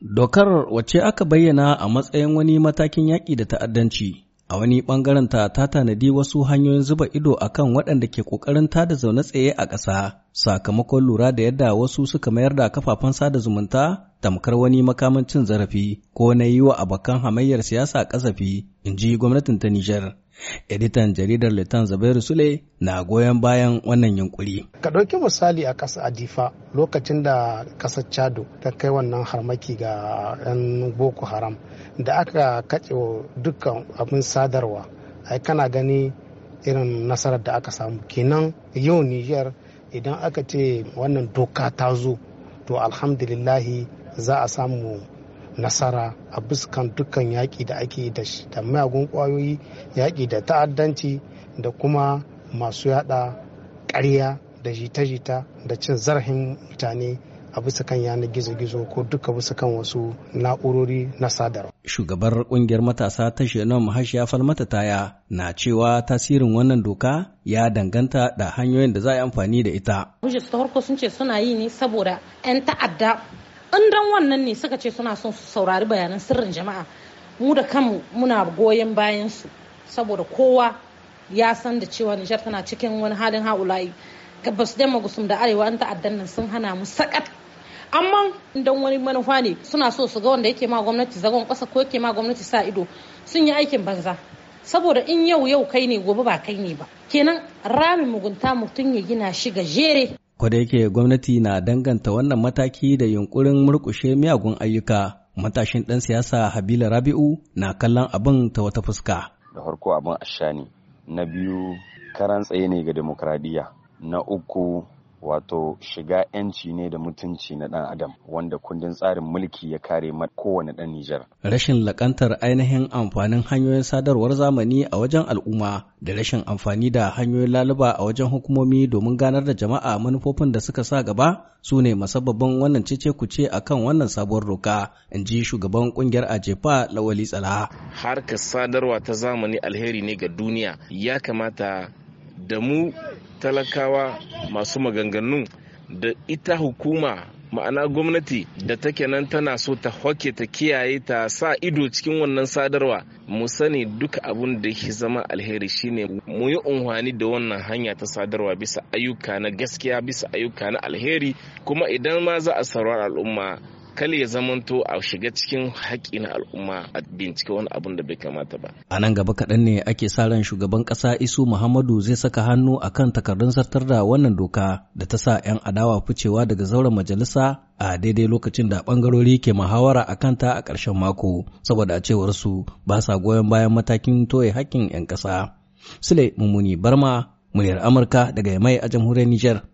Dokar wace aka bayyana a matsayin wani matakin yaƙi da ta'addanci, a wani ɓangaren ta ta tanadi wasu hanyoyin zuba ido a kan waɗanda ke ƙoƙarin tada zaune tsaye a ƙasa, sakamakon lura da yadda wasu suka mayar da kafafen sada zumunta tamkar wani makamancin zarafi ko na yi wa abokan hamayyar siyasa kasafi in ji gwamnatin ta Nijar. Editan jaridar Litan zabairu Sule na goyon bayan wannan yunkuri. Ka ɗauki misali a ƙasa Adifa lokacin da ƙasar Chado ta kai wannan harmaki ga 'yan Boko Haram da aka kace dukkan abin sadarwa. Ai kana gani irin nasarar da aka samu kenan yau Nijar idan aka ce wannan doka ta zo to alhamdulillahi za a samu nasara a buskan dukkan yaƙi da ake da da mayagun ƙwayoyi yaƙi da ta'addanci da kuma masu yada ƙarya da jita-jita da cin zarafin mutane a bisa kan yanar gizo-gizo ko duka bisa kan wasu na'urori na sadarwa. Shugabar kungiyar matasa ta Shenom ya Falmata Taya na cewa tasirin wannan doka ya danganta da hanyoyin da za a yi amfani da ita. Hujjar ta farko sun ce suna yi ne saboda 'yan ta'adda in dan wannan ne suka ce suna son su saurari bayanan sirrin jama'a mu da kanmu muna goyon bayansu su saboda kowa ya san da cewa Nijar tana cikin wani halin haula'i gabas da magusum da arewa an ta'addan nan sun hana mu sakat amma dan wani manufa ne suna so su ga wanda yake ma gwamnati zagon kasa ko yake ma gwamnati sa ido sun yi aikin banza saboda in yau yau kai ne gobe ba kai ne ba kenan ramin mugunta mutum ya gina shi ga jere. Kwada yake gwamnati na danganta wannan mataki da yunkurin murkushe miyagun ayyuka, matashin ɗan siyasa Habila Rabi'u na kallon abin ta wata fuska. Da farko abin ashani, na biyu karan tsaye ne ga demokradiyya, na uku wato shiga 'yanci ne da mutunci na ɗan adam wanda kundin tsarin mulki ya kare kowane ɗan Nijar. Rashin lakantar ainihin amfanin hanyoyin sadarwar zamani a wajen al'umma da rashin amfani da hanyoyin laluba a wajen hukumomi domin ganar da jama'a manufofin da suka sa gaba su ne masababin wannan cece kuce a kan wannan sabuwar doka in ji shugaban kungiyar ajefa lawali tsala. Harkar sadarwa ta zamani alheri ne ga duniya ya kamata da mu talakawa masu maganganu da ita hukuma ma'ana gwamnati da take nan tana so ta hoke ta kiyaye ta sa ido cikin wannan sadarwa mu sani duk abun da ke zama alheri shine mu yi unhwani da wannan hanya ta sadarwa bisa ayyuka na gaskiya bisa ayyuka na alheri kuma idan ma za a sauran al'umma Kal ya zamanto a shiga cikin haƙƙi na al'umma a bincike wani abun da bai kamata ba a nan gaba kaɗan ne ake sa ran shugaban ƙasa isu muhammadu zai saka hannu a kan takardun zartar da wannan doka da ta sa 'yan adawa ficewa daga zauren majalisa a daidai lokacin da ɓangarori ke muhawara a kanta a ƙarshen mako saboda a cewar su ba sa goyon bayan matakin toye haƙƙin 'yan ƙasa. Sule Mummuni Barma, muryar Amurka daga Yamai a jamhuriyar Nijar.